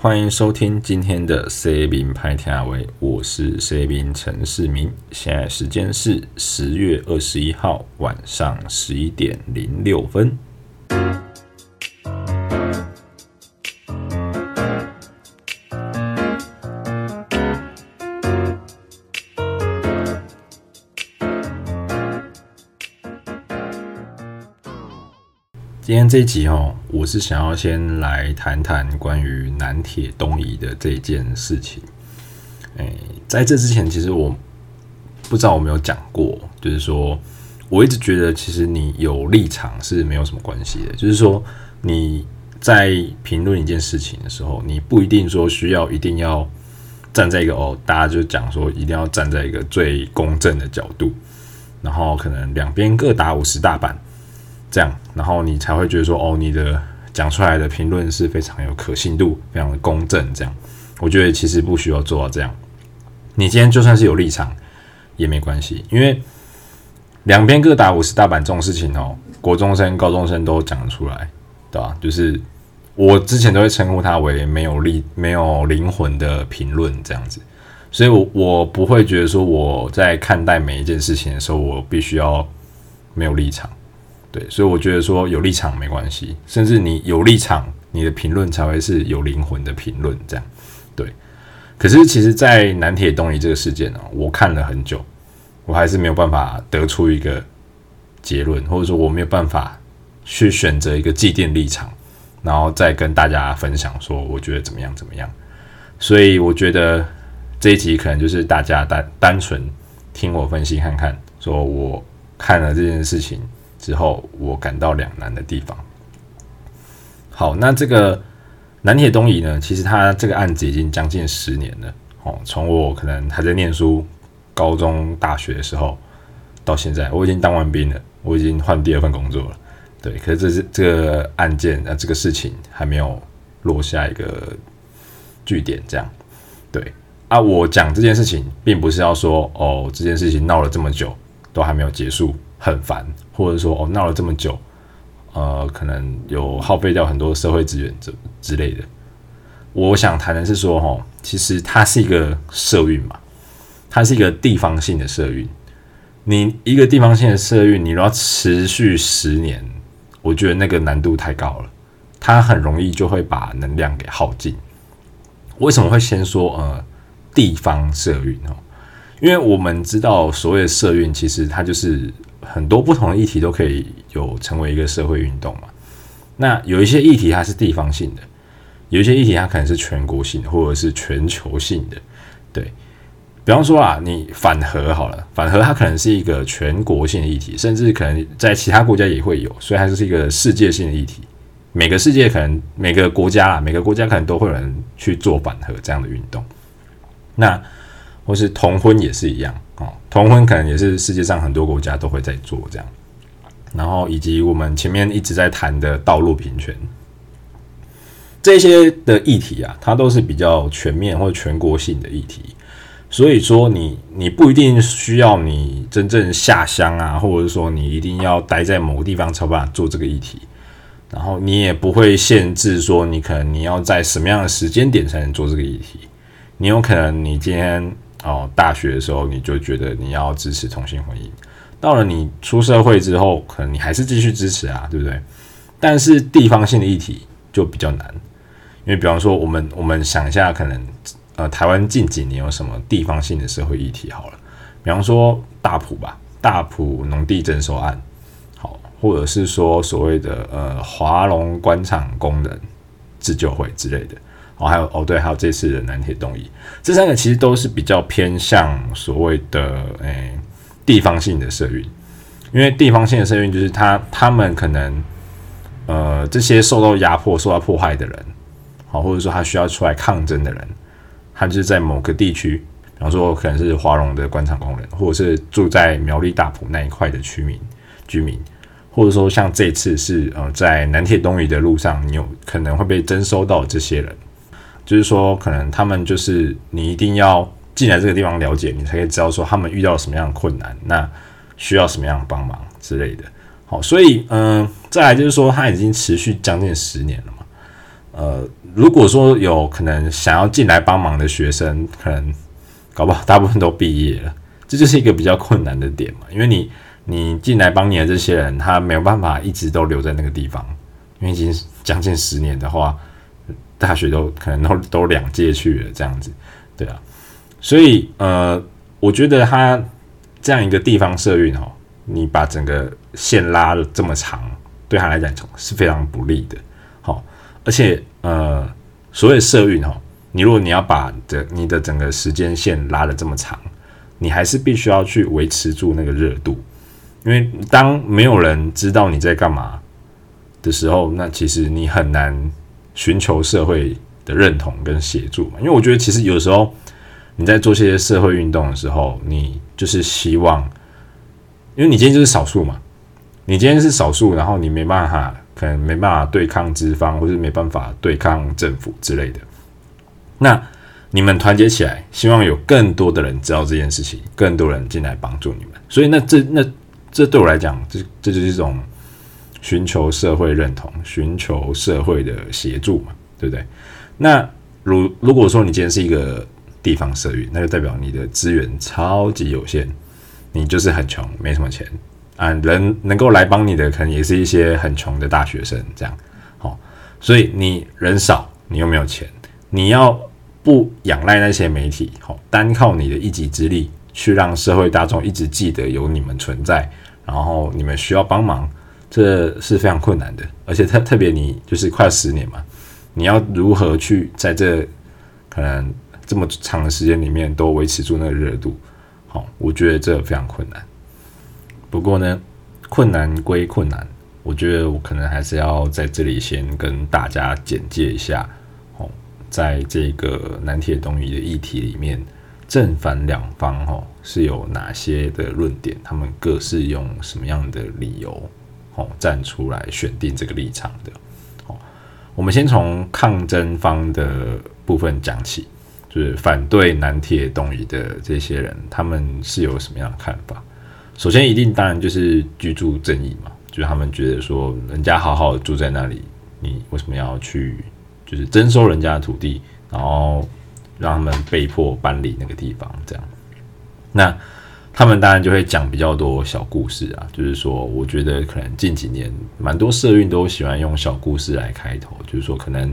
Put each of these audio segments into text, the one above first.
歡迎收聽今天的 C 民派 T V，我是 C 民陳世民，現在時間是十月二十一號晚上十一點零六分。今天這一集哦，我是想要先來談談關於南鐵東移的這件事情。哎、欸，在這之前，其實我不知道我沒有講過，就是說，我一直覺得其實你有立場是沒有什麼關係的。就是說，你在評論一件事情的時候，你不一定說需要一定要站在一個哦，大家就講說一定要站在一個最公正的角度，然後可能兩邊各打五十大板。這樣，然後你才會覺得說，哦，你的講出來的評論是非常有可信度，非常的公正。這樣，我覺得其實不需要做到這樣。你今天就算是有立場也沒關係，因為兩邊各打五十大板這種事情哦，國中生、高中生都講得出來，對吧？就是我之前都會稱呼他為沒有立、沒有靈魂的評論這樣子，所以我我不會覺得說我在看待每一件事情的時候，我必須要沒有立場。對，所以我覺得說有立場沒關係，甚至你有立場，你的評論才會是有靈魂的評論。這樣，對。可是其實，在南鐵東移這個事件呢、啊，我看了很久，我還是沒有辦法得出一個結論，或者說我沒有辦法去選擇一個既定立場，然後再跟大家分享說我覺得怎麼樣怎麼樣。所以我覺得這一集可能就是大家單單純聽我分析看看，說我看了這件事情之後我感到兩難的地方。好，那這個南鐵東移呢？其實他這個案子已經將近十年了。哦，從我可能還在念書，高中、大學的時候，到現在我已經當完兵了，我已經換第二份工作了。對，可是這是這個案件啊、呃，這個事情還沒有落下一個據點，這樣。對啊，我講這件事情，並不是要說哦，這件事情鬧了這麼久，都還沒有結束。很煩，或者說哦鬧了這麼久，呃，可能有耗費掉很多社會資源之之類的。我想談的是說，哦，其實它是一個社運嘛，它是一個地方性的社運。你一個地方性的社運，你如果要持續十年，我覺得那個難度太高了，它很容易就會把能量給耗盡。為什麼會先說呃地方社運哦？因為我們知道所謂的社運，其實它就是。很多不同的議題都可以有成為一個社會運動嘛。那有一些議題它是地方性的，有一些議題它可能是全國性的，或者是全球性的。對，比方說啊，你反核好了，反核它可能是一個全國性的議題，甚至可能在其他國家也會有，所以它就是一個世界性的議題。每個世界可能每個國家啊，每個國家可能都會有人去做反核這樣的運動。那或是同婚也是一樣。同婚可能也是世界上很多國家都會在做這樣，然後以及我們前面一直在談的道路平權這些的議題啊，它都是比較全面或全國性的議題。所以說，你你不一定需要你真正下鄉啊，或者是說你一定要待在某個地方才有辦法做這個議題。然後你也不會限制說你可能你要在什麼樣的時間點才能做這個議題。你有可能你今天。哦，大學的時候你就覺得你要支持同性婚姻，到了你出社會之後，可能你還是繼續支持啊，對不對？但是地方性的議題就比較難，因為比方說我們我們想一下，可能呃台灣近幾年有什麼地方性的社會議題？好了，比方說大埔吧，大埔農地徵收案，好，或者是說所謂的呃華隆工廠工人自救會之類的。哦，還有哦，對，還有這次的南鐵東移，這三個其實都是比較偏向所謂的誒、欸、地方性的社運，因為地方性的社運就是他他們可能呃這些受到壓迫、受到迫害的人，好、哦，或者說他需要出來抗爭的人，他就是在某個地區，比方說可能是華隆的關廠工人，或者是住在苗栗大埔那一塊的居民居民，或者說像這次是呃在南鐵東移的路上，你有可能會被徵收到這些人。就是說，可能他們就是你一定要進來這個地方了解，你才可以知道說他們遇到什麼樣的困難，那需要什麼樣的幫忙之類的。好，所以嗯、呃，再來就是說，它已經持續將近十年了嘛。呃，如果說有可能想要進來幫忙的學生，可能搞不好大部分都畢業了，這就是一個比較困難的點嘛。因為你你進來幫你的這些人，他沒有辦法一直都留在那個地方，因為已經將近十年的話。大學都可能都都兩屆去了這樣子，對啊，所以呃，我覺得他這樣一個地方社運哦，你把整個線拉的這麼長，對他來講是非常不利的。好、哦，而且呃，所謂社運哦，你如果你要把這你的整個時間線拉的這麼長，你還是必須要去維持住那個熱度，因為當沒有人知道你在幹嘛的時候，那其實你很難。尋求社會的認同跟協助，因為我覺得其實有時候你在做些社會運動的時候，你就是希望，因為你今天就是少數嘛，你今天是少數，然後你沒辦法，可能沒辦法對抗資方，或是沒辦法對抗政府之類的。那你們團結起來，希望有更多的人知道這件事情，更多人進來幫助你們。所以那這那這對我來講，這這就是一種。尋求社會認同，尋求社會的協助嘛，對不對？那如如果說你今天是一個地方社運，那就代表你的資源超級有限，你就是很窮，沒什麼錢啊。人能夠來幫你的，可能也是一些很窮的大學生這樣。好、哦，所以你人少，你又沒有錢，你要不仰賴那些媒體，好、哦，單靠你的一己之力去讓社會大眾一直記得有你們存在，然後你們需要幫忙。這是非常困難的，而且特特別，你就是快十年嘛，你要如何去在這可能這麼長的時間裡面都維持住那個熱度？好、哦，我覺得這非常困難。不過呢，困難歸困難，我覺得我可能還是要在這裡先跟大家簡介一下，哦，在這個南鐵東移的議題裡面，正反兩方哦是有哪些的論點，他們各是用什麼樣的理由。站出來選定這個立場的。我們先從抗爭方的部分講起，就是反對南鐵東移的這些人，他們是有什麼樣的看法？首先，一定當然就是居住正義嘛，就是他們覺得說，人家好好的住在那裡，你為什麼要去，就是徵收人家的土地，然後讓他們被迫搬離那個地方，這樣。那。他們當然就會講比較多小故事啊，就是說，我覺得可能近幾年蠻多社運都喜歡用小故事來開頭，就是說，可能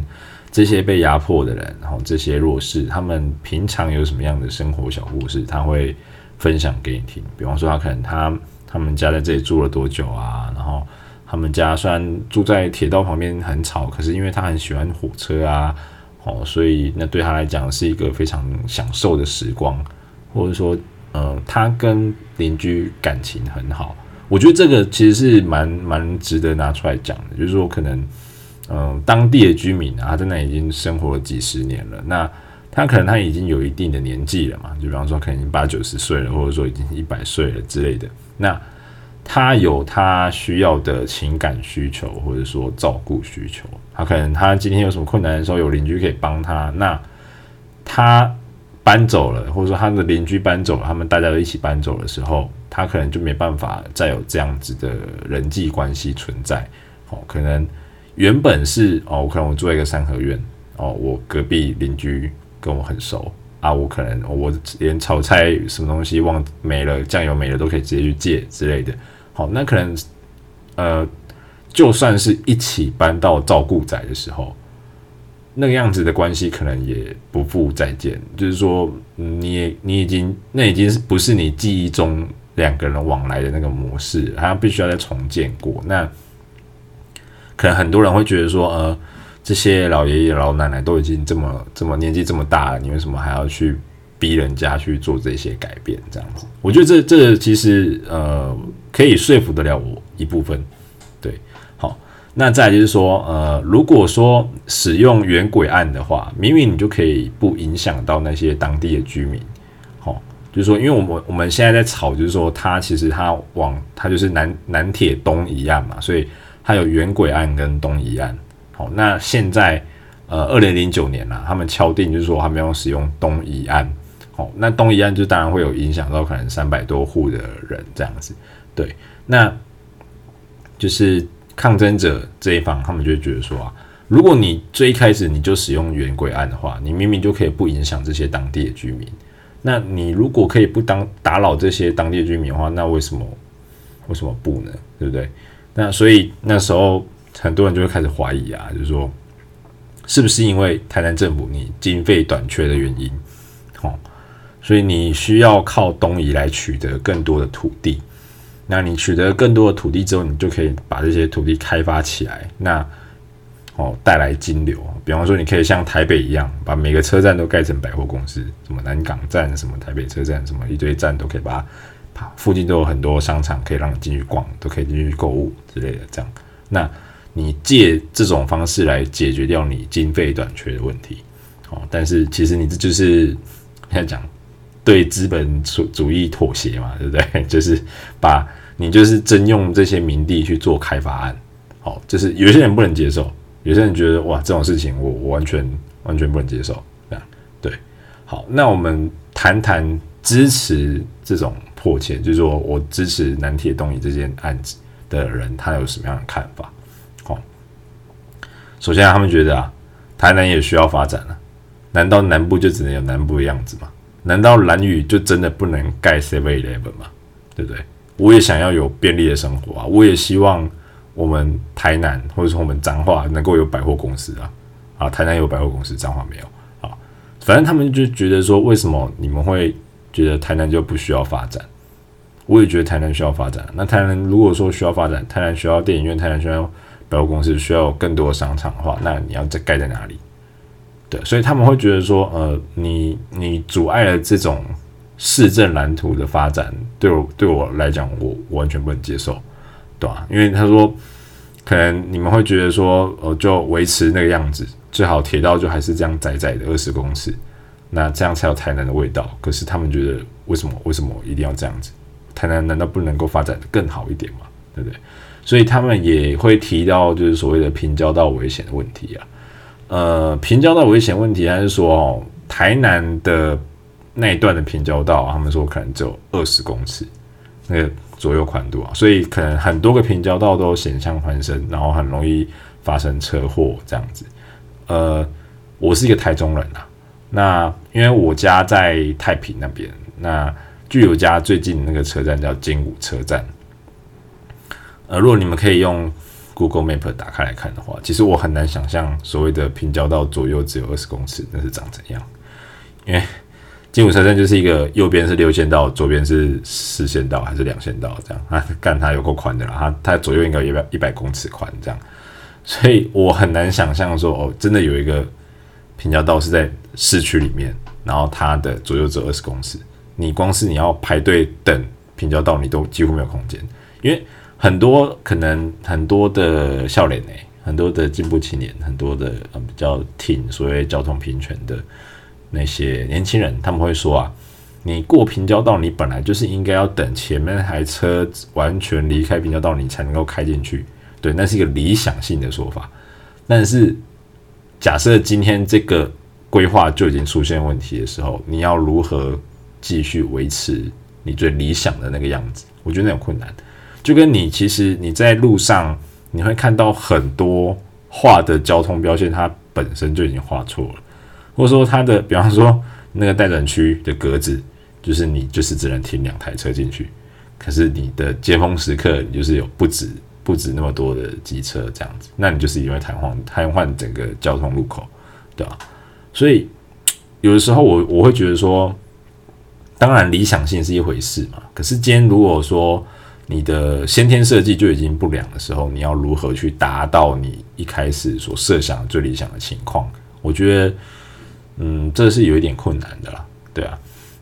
這些被壓迫的人，然後這些弱勢，他們平常有什麼樣的生活小故事，他會分享給你聽。比方說，他可能他他們家在這裡住了多久啊？然後他們家雖然住在鐵道旁邊很吵，可是因為他很喜歡火車啊，哦，所以那對他來講是一個非常享受的時光，或者說。呃、嗯，他跟鄰居感情很好，我覺得這個其實是蠻蠻值得拿出來講的。就是說，可能，呃、嗯，當地的居民啊，他在那已經生活了幾十年了。那他可能他已經有一定的年紀了嘛，就比方說，可能八九十歲了，或者說已經一百歲了之類的。那他有他需要的情感需求，或者說照顧需求。他可能他今天有什麼困難的時候，有鄰居可以幫他。那他，搬走了，或者說他們的鄰居搬走了，他們大家都一起搬走的時候，他可能就沒辦法再有這樣子的人際關係存在。哦，可能原本是哦，可能我住在一個三合院，哦，我隔壁鄰居跟我很熟啊，我可能、哦、我連炒菜什麼東西忘沒了，醬油沒了都可以直接去借之類的。好、哦，那可能呃，就算是一起搬到照顧宅的時候，那個樣子的關係可能也不復再見，就是說，你也你已經那已經不是你記憶中兩個人往來的那個模式，好像必須要再重建過。那可能很多人會覺得說，呃，這些老爺爺老奶奶都已經這麼這麼年紀這麼大了，你為什麼還要去逼人家去做這些改變？這樣子，我覺得這這其實呃，可以說服得了我一部分。那再就是說，呃，如果說使用原軌案的話，明明你就可以不影響到那些當地的居民，齁，就是說，因為我們我們現在在吵，就是說，它其實它往它就是南南鐵東移案嘛，所以它有原軌案跟東移案，齁，那現在呃，二零零九年啦、啊，他們敲定就是說，還沒有使用東移案，齁，那東移案就當然會有影響到可能三百多戶的人這樣子，對，那就是。抗爭者這一方，他們就會覺得說啊，如果你最一開始你就使用原軌案的話，你明明就可以不影響這些當地的居民。那你如果可以不當打擾這些當地居民的話，那為什麼為什麼不呢？對不對？那所以那時候很多人就會開始懷疑啊，就是說，是不是因為台南政府你經費短缺的原因，哦，所以你需要靠東移來取得更多的土地。那你取得更多的土地之後，你就可以把這些土地開發起來，那哦帶來金流。比方說，你可以像台北一樣，把每個車站都蓋成百貨公司，什麼南港站、什麼台北車站、什麼一堆站都可以把它。附近都有很多商場，可以讓你進去逛，都可以進去購物之類的。這樣，那你借這種方式來解決掉你經費短缺的問題，哦，但是其實你這就是要講。對資本主義妥協嘛，對不對？就是把你就是徵用這些民地去做開發案，好、哦，就是有些人不能接受，有些人覺得哇，這種事情我，我完全完全不能接受。這樣對，好，那我們談談支持這種迫遷，就是說我支持南鐵東移這件案子的人，他有什麼樣的看法？好、哦，首先、啊、他們覺得啊，台南也需要發展了、啊，難道南部就只能有南部的樣子嗎？難道蘭嶼就真的不能蓋 Seven Eleven 嗎？對不對？我也想要有便利的生活啊！我也希望我們台南或者說我們彰化能夠有百貨公司啊！啊，台南有百貨公司，彰化沒有啊？反正他們就覺得說，為什麼你們會覺得台南就不需要發展？我也覺得台南需要發展。那台南如果說需要發展，台南需要電影院，台南需要百貨公司，需要更多的商場的話，那你要再蓋在哪裡？所以他們會覺得說，呃，你你阻礙了這種市政藍圖的發展，對我對我來講我，我完全不能接受，對吧？因為他說，可能你們會覺得說，呃，就維持那個樣子，最好鐵道就還是這樣窄窄的二十公尺，那這樣才有台南的味道。可是他們覺得，為什麼為什麼一定要這樣子？台南難道不能夠發展得更好一點嗎？對不對？所以他們也會提到就是所謂的平交道危險的問題啊。呃，平交道危險問題，還是說哦，台南的那一段的平交道，啊，他們說可能只有二十公尺那個左右寬度啊，所以可能很多個平交道都險象環生，然後很容易發生車禍這樣子。呃，我是一個台中人吶，啊，那因為我家在太平那邊，那距我家最近那個車站叫精武車站。呃，如果你們可以用。Google Map 打開來看的話，其實我很難想象，所謂的平交道左右只有二十公尺那是長怎樣。因為精武車站就是一個右邊是六線道，左邊是四線道還是兩線道這樣啊？幹它有夠寬的啦，它它左右應該有一百一百公尺寬這樣，所以我很難想象說哦，真的有一個平交道是在市區裡面，然後它的左右只有二十公尺，你光是你要排隊等平交道，你都幾乎沒有空間，因為。很多可能很多的少年呢，很多的進步青年，很多的啊比較挺所謂交通平權的那些年輕人，他們會說啊，你過平交道，你本來就是應該要等前面那台車完全離開平交道，你才能夠開進去。對，那是一個理想性的說法。但是假設今天這個規劃就已經出現問題的時候，你要如何繼續維持你最理想的那個樣子，我覺得那有困難。就跟你其實你在路上，你會看到很多畫的交通標線，它本身就已經畫錯了，或者說它的，比方說那個待轉區的格子，就是你就是只能停兩台車進去，可是你的尖峰時刻，你就是有不止不止那麼多的機車這樣子，那你就是因為癱瘓癱瘓整個交通路口，對吧？啊。所以有的時候我我會覺得說，當然理想性是一回事嘛，可是今天如果說，你的先天設計就已經不良的時候，你要如何去達到你一開始所設想最理想的情況？我覺得，嗯，這是有一點困難的啦，對啊。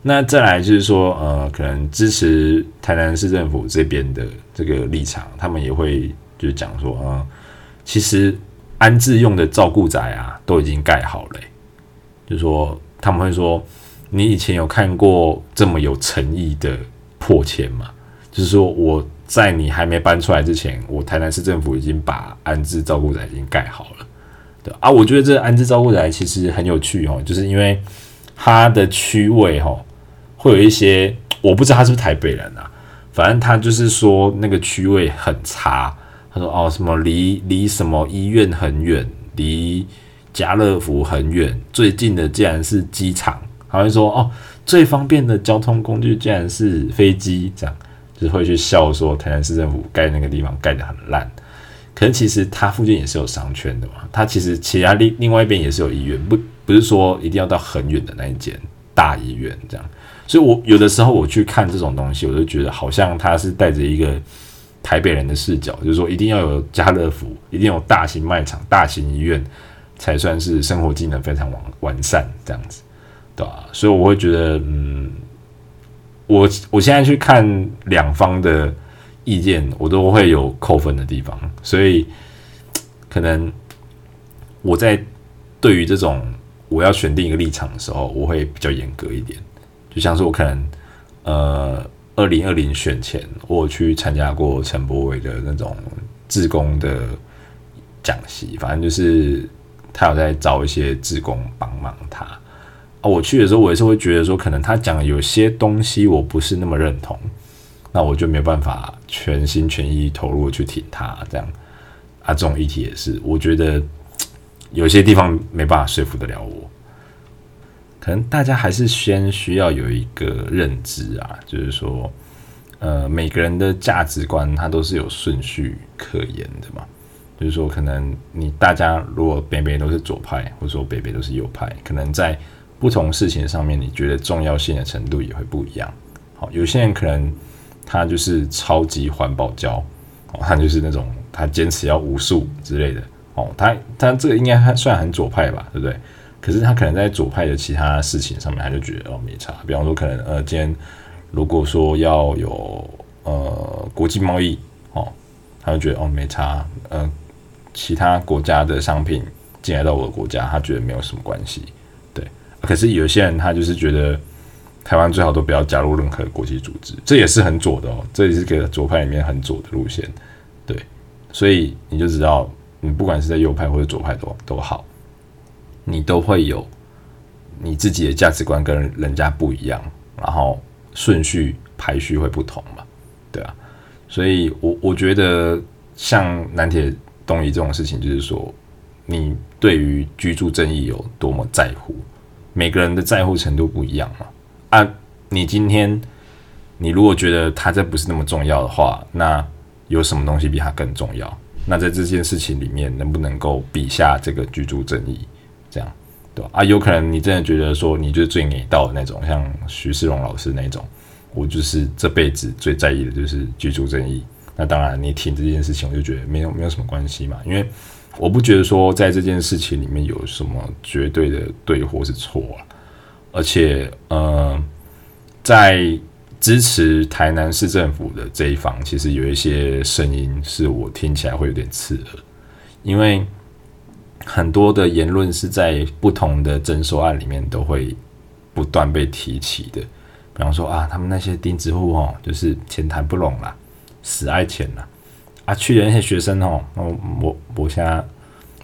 那再來就是說，呃，可能支持台南市政府這邊的這個立場，他們也會就是講說，嗯、呃、其實安置用的照顧宅啊，都已經蓋好了、欸，就說他們會說，你以前有看過這麼有誠意的迫遷嗎？就是說，我在你還沒搬出來之前，我台南市政府已經把安置照顧宅已經蓋好了，對啊。我覺得這個安置照顧宅其實很有趣哦，就是因為它的區位哈、哦，會有一些我不知道他是不是台北人啊，反正他就是說那個區位很差，他說哦什麼離離什麼醫院很遠，離家樂福很遠，最近的竟然是機場，好像說哦最方便的交通工具竟然是飛機這樣。會去笑說，台南市政府蓋那個地方蓋得很爛，可是其實它附近也是有商圈的嘛，它其實其他另另外一邊也是有醫院，不不是說一定要到很遠的那一間大醫院這樣。所以我有的時候我去看這種東西，我就覺得好像他是帶着一個台北人的視角，就是說一定要有家樂福，一定要有大型賣場、大型醫院才算是生活機能非常完完善這樣子，對吧？所以我會覺得，嗯。我我現在去看兩方的意見，我都會有扣分的地方，所以可能我在對於這種我要選定一個立場的時候，我會比較嚴格一點。就像是我可能呃，二零二零選前我去參加過陳柏惟的那種志工的講習，反正就是他有在招一些志工幫忙他。我去的時候，我也是會覺得說，可能他講有些東西，我不是那麼認同，那我就沒有辦法全心全意投入去聽他這樣啊。這種議題也是，我覺得有些地方沒辦法說服得了我。可能大家還是先需要有一個認知啊，就是說，呃，每個人的價值觀它都是有順序可言的嘛。就是說，可能你大家如果北北都是左派，或者說北北都是右派，可能在不同事情上面，你覺得重要性的程度也會不一樣。好，有些人可能他就是超級環保膠哦，他就是那種他堅持要無塑之類的，哦，他他這個應該算很左派吧，對不對？可是他可能在左派的其他事情上面，他就覺得哦沒差。比方說，可能呃，今天如果說要有呃國際貿易，哦，他就覺得哦沒差，嗯、呃，其他國家的商品進來到我的國家，他覺得沒有什麼關係。可是有些人他就是覺得台灣最好都不要加入任何國際組織，這也是很左的哦，這也是給左派裡面很左的路線。對，所以你就知道，你不管是在右派或者左派都都好，你都會有你自己的價值觀跟人家不一樣，然後順序排序會不同嘛。對啊，所以我我覺得像南鐵東移這種事情，就是說你對於居住正義有多麼在乎。每個人的在乎程度不一樣嘛，啊，你今天，你如果覺得它，這不是那麼重要的話，那有什麼東西比它更重要？那在這件事情裡面，能不能夠比下這個居住正義？這樣，對吧？啊，有可能你真的覺得說，你就是最美到的那種，像徐世榮老師那種，我就是這輩子最在意的就是居住正義。那當然，你聽這件事情，我就覺得沒有沒有什麼關係嘛，因為。我不覺得說在這件事情裡面有什麼絕對的對或是錯啊，而且呃，在支持台南市政府的這一方，其實有一些聲音是我聽起來會有點刺耳，因為很多的言論是在不同的徵收案裡面都會不斷被提起的，比方說啊，他們那些釘子戶哦，就是錢談不攏啦，死愛錢啦。啊，去年那些學生哦，我我我現在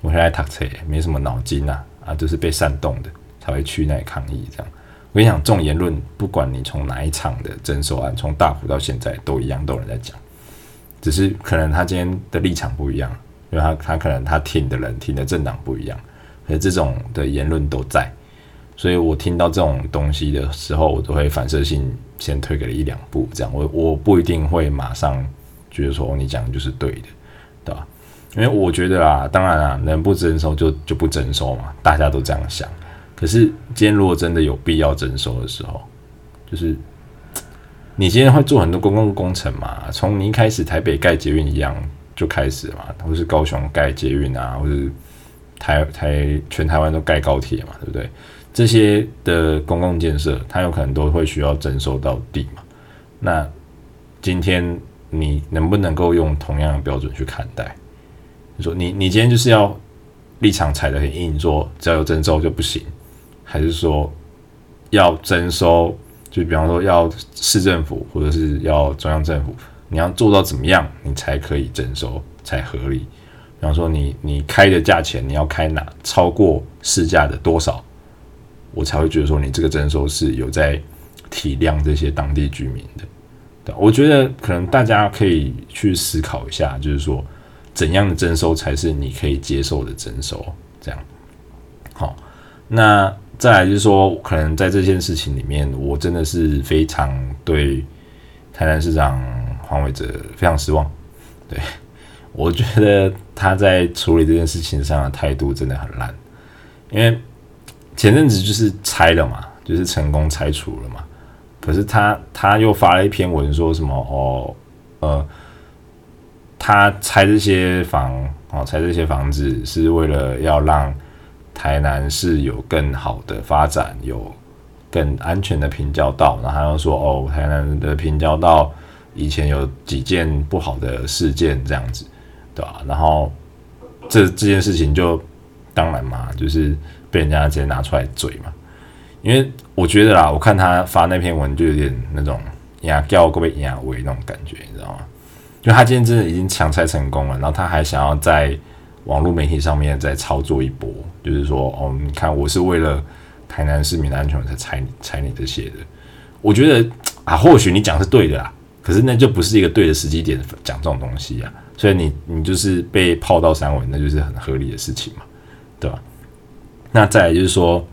我現在讀冊，沒什麼腦筋吶、啊，啊，就是被煽動的才會去那裡抗議這樣。我跟你講，這種言論，不管你從哪一場的徵收案，從大埔到現在，都一樣都有人在講，只是可能他今天的立場不一樣，因為他他可能他挺的人挺的政黨不一樣，所以這種的言論都在。所以我聽到這種東西的時候，我都會反射性先退給了一兩步，這樣我我不一定會馬上。覺得說你講的就是對的，對吧？因為我覺得啊，當然啊，能不徵收就就不徵收嘛，大家都這樣想。可是今天如果真的有必要徵收的時候，就是你今天會做很多公共工程嘛，從你一開始台北蓋捷運一樣就開始嘛，或是高雄蓋捷運啊，或是台台全台灣都蓋高鐵嘛，對不對？這些的公共建設，它有可能都會需要徵收到地嘛。那今天。你能不能夠用同樣的標準去看待？你說你你今天就是要立場踩得很硬，說只要有徵收就不行，還是說要徵收？就比方說要市政府或者是要中央政府，你要做到怎麼樣，你才可以徵收才合理？比方說你你開的價錢你要開哪超過市價的多少，我才會覺得說你這個徵收是有在體諒這些當地居民的。我覺得可能大家可以去思考一下，就是說怎樣的徵收才是你可以接受的徵收？這樣好。那再來就是說，可能在這件事情裡面，我真的是非常對台南市長黃偉哲非常失望。對，我覺得他在處理這件事情上的態度真的很爛，因為前陣子就是拆了嘛，就是成功拆除了嘛。可是他他又發了一篇文，說什麼哦，呃，他拆這些房啊，拆，哦，這些房子是為了要讓台南市有更好的發展，有更安全的平交道。然後他又說，哦，台南的平交道以前有幾件不好的事件，這樣子，對吧，啊？然後這這件事情就當然嘛，就是被人家直接拿出來嘴嘛，因為。我覺得啦，我看他發那篇文就有點那種呀，叫跟被亞圍那種感覺，你知道嗎？就他今天真的已經強拆成功了，然後他還想要在網絡媒體上面再操作一波，就是說，哦，你看我是為了台南市民的安全才拆拆你，你的鞋的。我覺得啊，或許你講是對的啦，可是那就不是一個對的時機點講這種東西啊。所以你你就是被泡到三文，那就是很合理的事情嘛，對吧？那再來就是說。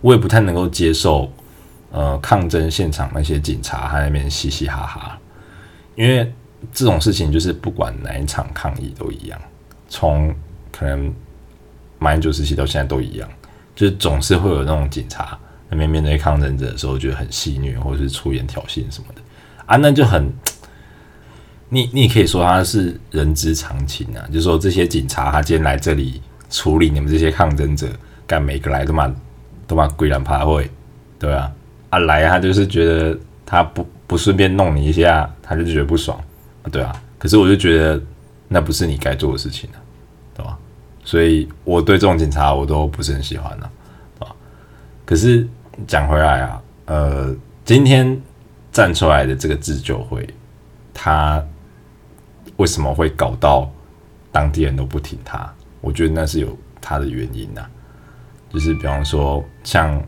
我也不太能夠接受，呃，抗爭現場那些警察還在那邊嘻嘻哈哈，因為這種事情就是不管哪一場抗議都一樣，從可能，滿清時期到現在都一樣，就是總是會有那種警察那邊面對抗爭者的時候，覺得很戲謔或者是出言挑釁什麼的啊，那就很，你你可以說他是人之常情啊，就說這些警察他今天來這裡處理你們這些抗爭者，幹每個來的嘛。都嘛鬼人趴會，對啊，啊來啊，他就是覺得他不不順便弄你一下，他就覺得不爽，對啊。可是我就覺得那不是你該做的事情呢、啊，對吧、啊？所以我對這種警察我都不是很喜歡的、啊，對啊。可是講回來啊，呃，今天站出來的這個自救會，他為什麼會搞到當地人都不聽他？我覺得那是有他的原因吶、啊。就是比方說，像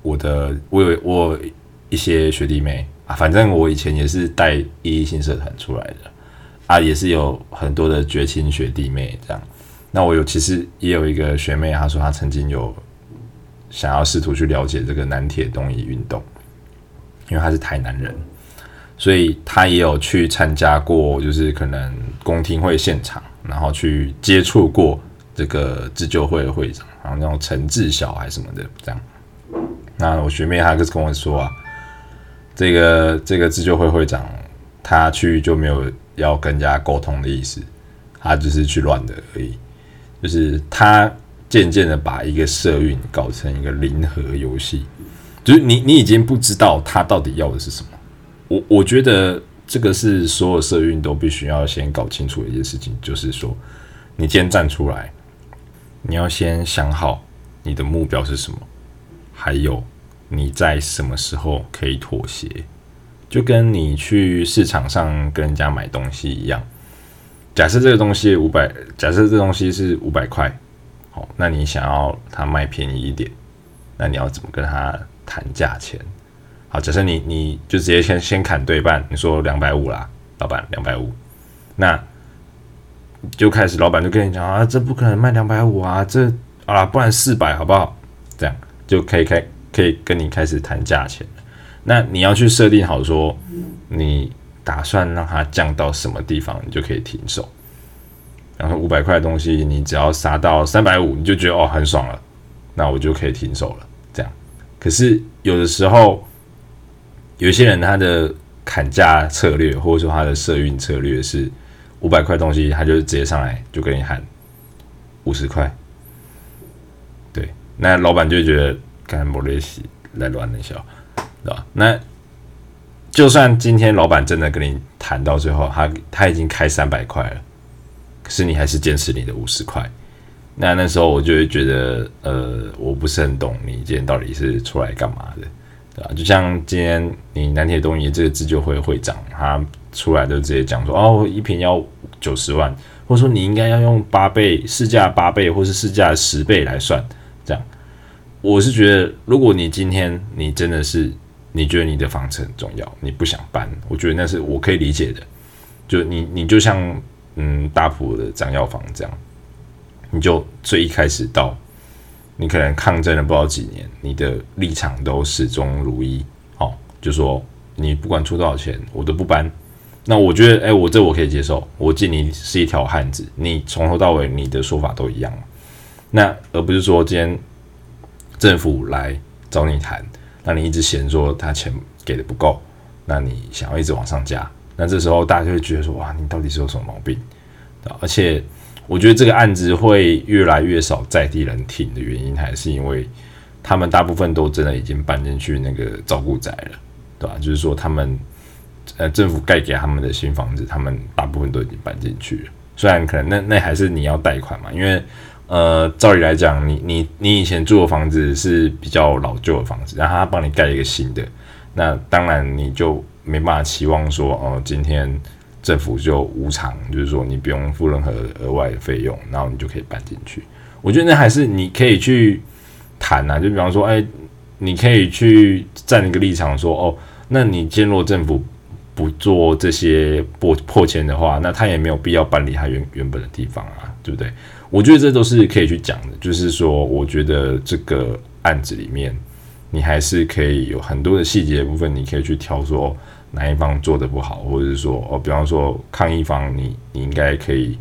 我的，我有我一些學弟妹啊，反正我以前也是帶一一新社團出來的啊，也是有很多的絕情學弟妹這樣。那我有其實也有一個學妹，她說她曾經有想要試圖去了解這個南鐵東移運動，因為她是台南人，所以她也有去參加過，就是可能公聽會現場，然後去接觸過這個自救會的會長。然後那種陳志小還是什麼的這樣，那我學妹她就是跟我說啊，這個這個自救會會長他去就沒有要跟人家溝通的意思，他就是去亂的而已，就是他漸漸的把一個社運搞成一個零和遊戲，就是你你已經不知道他到底要的是什麼。我我覺得這個是所有社運都必須要先搞清楚的一件事情，就是說你先站出來。你要先想好你的目標是什麼，還有你在什麼時候可以妥協，就跟你去市場上跟人家買東西一樣。假設這個東西五百，假設這東西是五百塊，好、哦，那你想要他賣便宜一點，那你要怎麼跟他談價錢？好，假設你你就直接先先砍對半，你說兩百五啦，老闆兩百五，250，那。就開始，老闆就跟你講啊，這不可能賣兩百五啊，這啊，不然四百好不好？這樣就可以開，可以跟你開始談價錢。那你要去設定好說，你打算讓它降到什麼地方，你就可以停手。然後五百塊的東西，你只要殺到三百五，你就覺得哦，很爽了，那我就可以停手了。這樣。可是有的時候，有些人他的砍價策略，或者說他的設運策略是。五百塊東西，他就直接上來就跟你喊五十塊。對，那老闆就會覺得干莫瑞西來亂那笑，對吧？那就算今天老闆真的跟你談到最後，他他已經開三百塊了，可是你還是堅持你的五十塊。那那時候我就會覺得，呃，我不是很懂你今天到底是出來幹嘛的，對吧？就像今天你南鐵東移這個自救會會長，他。出來就直接講說哦，一瓶要九十萬，或者說你應該要用八倍市價八倍，或是市價十倍來算。這樣，我是覺得，如果你今天你真的是你覺得你的房子很重要，你不想搬，我覺得那是我可以理解的。就你你就像嗯大埔的張藥房這樣，你就最一開始到，你可能抗爭了不知道幾年，你的立場都始終如一，好、哦，就說你不管出多少錢，我都不搬。那我覺得，哎、欸，我這我可以接受。我敬你是一條漢子，你從頭到尾你的說法都一樣。那而不是說今天政府來找你談，那你一直嫌說他錢給的不夠，那你想要一直往上加。那這時候大家就會覺得說，哇，你到底是有什麼毛病？而且我覺得這個案子會越來越少在地人挺的原因，還是因為他們大部分都真的已經搬進去那個照顧宅了，對吧？就是說他們。呃，政府蓋給他們的新房子，他們大部分都已經搬進去了。雖然可能那那還是你要貸款嘛，因為呃，照理來講，你你你以前住的房子是比較老舊的房子，然後他幫你蓋一個新的，那當然你就沒辦法期望說哦、呃，今天政府就無償，就是說你不用付任何額外的費用，然後你就可以搬進去。我覺得那還是你可以去談吶、啊，就比方說，哎、欸，你可以去站一個立場說，哦，那你建立政府。不做這些迫迫遷的話，那他也沒有必要搬離他原原本的地方啊，對不對？我覺得這都是可以去講的。就是說，我覺得這個案子裡面，你還是可以有很多的細節的部分，你可以去挑說哪一方做的不好，或者是說哦，比方說抗議方，你你應該可以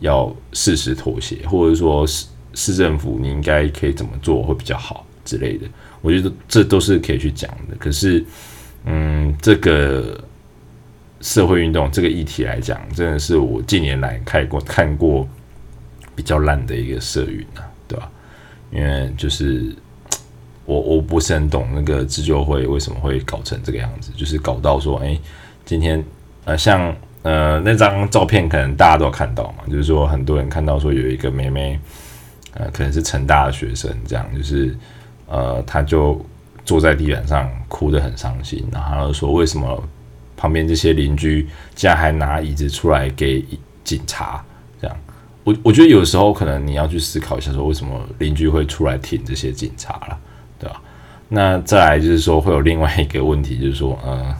要適時妥協，或者說市市政府你應該可以怎麼做會比較好之類的。我覺得這都是可以去講的。可是，嗯，這個。社會運動這個議題來講，真的是我近年來看過看過比較爛的一個社運啊，對吧？因為就是我我不是很懂那個自救會為什麼會搞成這個樣子，就是搞到說，哎，今天呃，像呃那張照片，可能大家都有看到嘛，就是說很多人看到說有一個妹妹，呃，可能是成大的學生，這樣就是呃，她就坐在地板上哭得很傷心，然後說為什麼？旁邊這些鄰居竟然還拿椅子出來給警察。這樣我我覺得有時候可能你要去思考一下，說為什麼鄰居會出來挺這些警察了，對吧？那再來就是說會有另外一個問題，就是說，嗯、呃，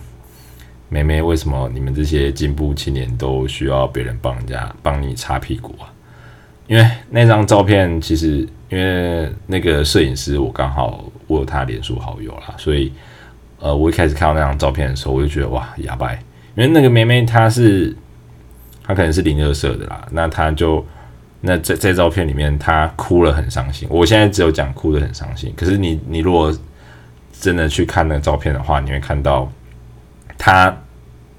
妹妹，為什麼你們這些進步青年都需要別人幫人家幫你擦屁股啊？因為那張照片其實因為那個攝影師，我剛好我有他臉書好友啦，所以。呃，我一開始看到那張照片的時候，我就覺得哇，牙白，因為那個妹妹她是，她可能是零二色的啦，那她就那在在照片裡面，她哭了很傷心。我現在只有講哭得很傷心，可是你你如果真的去看那照片的話，你會看到她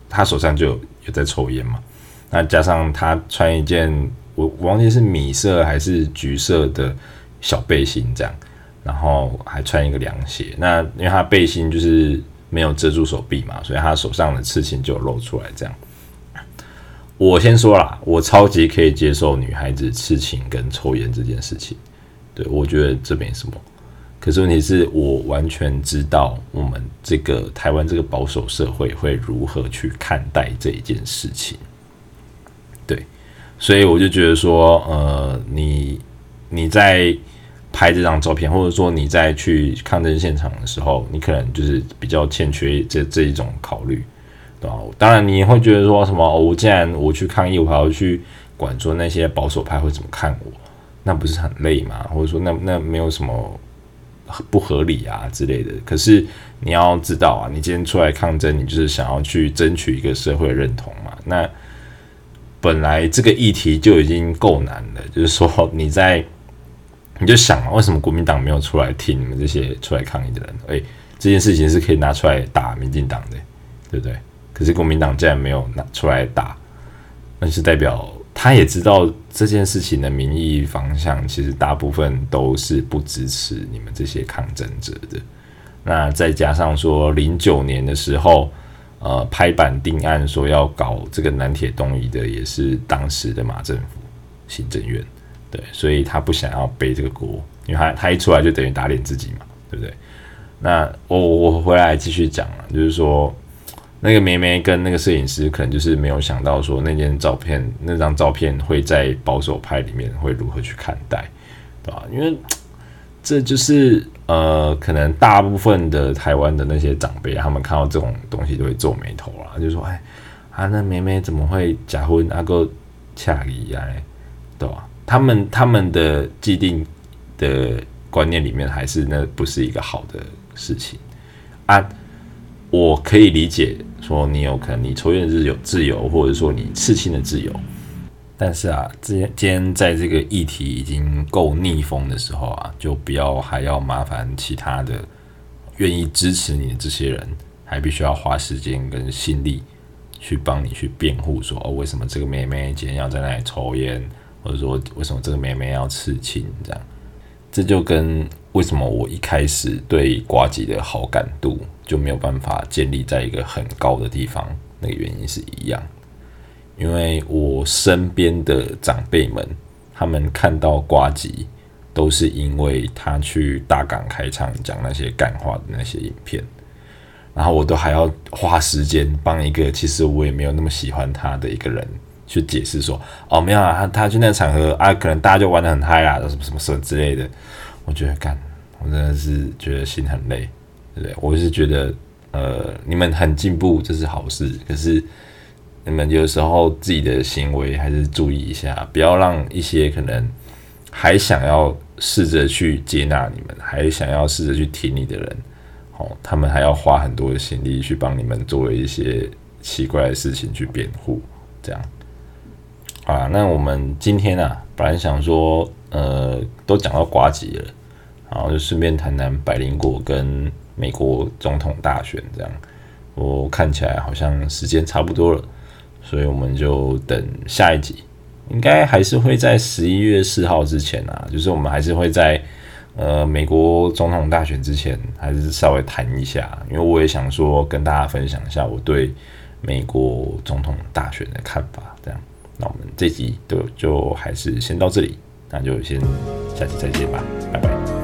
她手上就有，有在抽煙嘛，那加上她穿一件我忘記是米色還是橘色的小背心這樣。然後還穿一個涼鞋，那因為他背心就是沒有遮住手臂嘛，所以他手上的刺青就露出來。這樣，我先說啦，我超級可以接受女孩子刺青跟抽煙這件事情，對，我覺得這沒什麼。可是問題是我完全知道我們這個台灣這個保守社會會會如何去看待這一件事情。對，所以我就覺得說，呃，你你在。拍這張照片，或者說你在去抗爭現場的時候，你可能就是比較欠缺這這一種考慮，對吧？當然，你也會覺得說什麼，哦，我既然我去抗議，我還要去管說那些保守派會怎麼看我，那不是很累嗎？或者說那，那那沒有什麼不合理啊之類的。可是你要知道啊，你今天出來抗爭，你就是想要去爭取一個社會認同嘛。那本來這個議題就已經夠難了，就是說你在。你就想啊，為什麼國民黨沒有出來挺你們這些出來抗議的人？誒、欸，這件事情是可以拿出來打民進黨的，對不對？可是國民黨既然沒有拿出來打，那是代表他也知道這件事情的民意方向，其實大部分都是不支持你們這些抗爭者的。那再加上說，零九年的時候，呃，拍板定案說要搞這個南鐵東移的，也是當時的馬政府行政院。對，所以他不想要背這個鍋，因為他他一出來就等於打臉自己嘛，對不對？那我我，我回來繼續講了，就是說那個梅梅跟那個攝影師，可能就是沒有想到說那件照片，那張照片會在保守派裡面會如何去看待，對吧？因為這就是呃，可能大部分的台灣的那些長輩，他們看到這種東西都會皺眉頭了，就是說：哎，啊那梅梅怎麼會假婚？阿哥恰意啊，對吧？他們他們的既定的觀念裡面，還是那不是一個好的事情啊！我可以理解說你有可能你抽菸是有自由，或者說你刺青的自由，但是啊，今天今天在這個議題已經夠逆風的時候啊，就不要還要麻煩其他的願意支持你的這些人，還必須要花時間跟心力去幫你去辯護說哦，為什麼這個妹妹今天要在那裡抽菸？或者說，為什麼這個妹妹要刺青這樣？這就跟為什麼我一開始對呱吉的好感度就沒有辦法建立在一個很高的地方，那個原因是一樣。因為我身邊的長輩們，他們看到呱吉，都是因為他去大港開唱講那些幹話的那些影片，然後我都還要花時間幫一個其實我也沒有那麼喜歡他的一個人，去解釋說哦，沒有啊，他他去那個場合啊，可能大家就玩得很嗨啦，什麼什麼什麼之類的。我覺得，幹，我真的是覺得心很累，對不對？我是覺得，呃，你們很進步，這是好事。可是，你們有時候自己的行為還是注意一下，不要讓一些可能還想要試着去接納你們，還想要試着去挺你的人，哦，他們還要花很多的心力去幫你們做一些奇怪的事情去辯護，這樣。啊，那我們今天啊，本來想說，呃，都講到呱吉了，然後就順便談談百靈果跟美國總統大選這樣。我看起來好像時間差不多了，所以我們就等下一集，應該還是會在十一月四號之前啊，就是我們還是會在呃美國總統大選之前，還是稍微談一下，因為我也想說跟大家分享一下我對美國總統大選的看法這樣。那我們這集就就還是先到這裡，那就先下期再見吧，拜拜。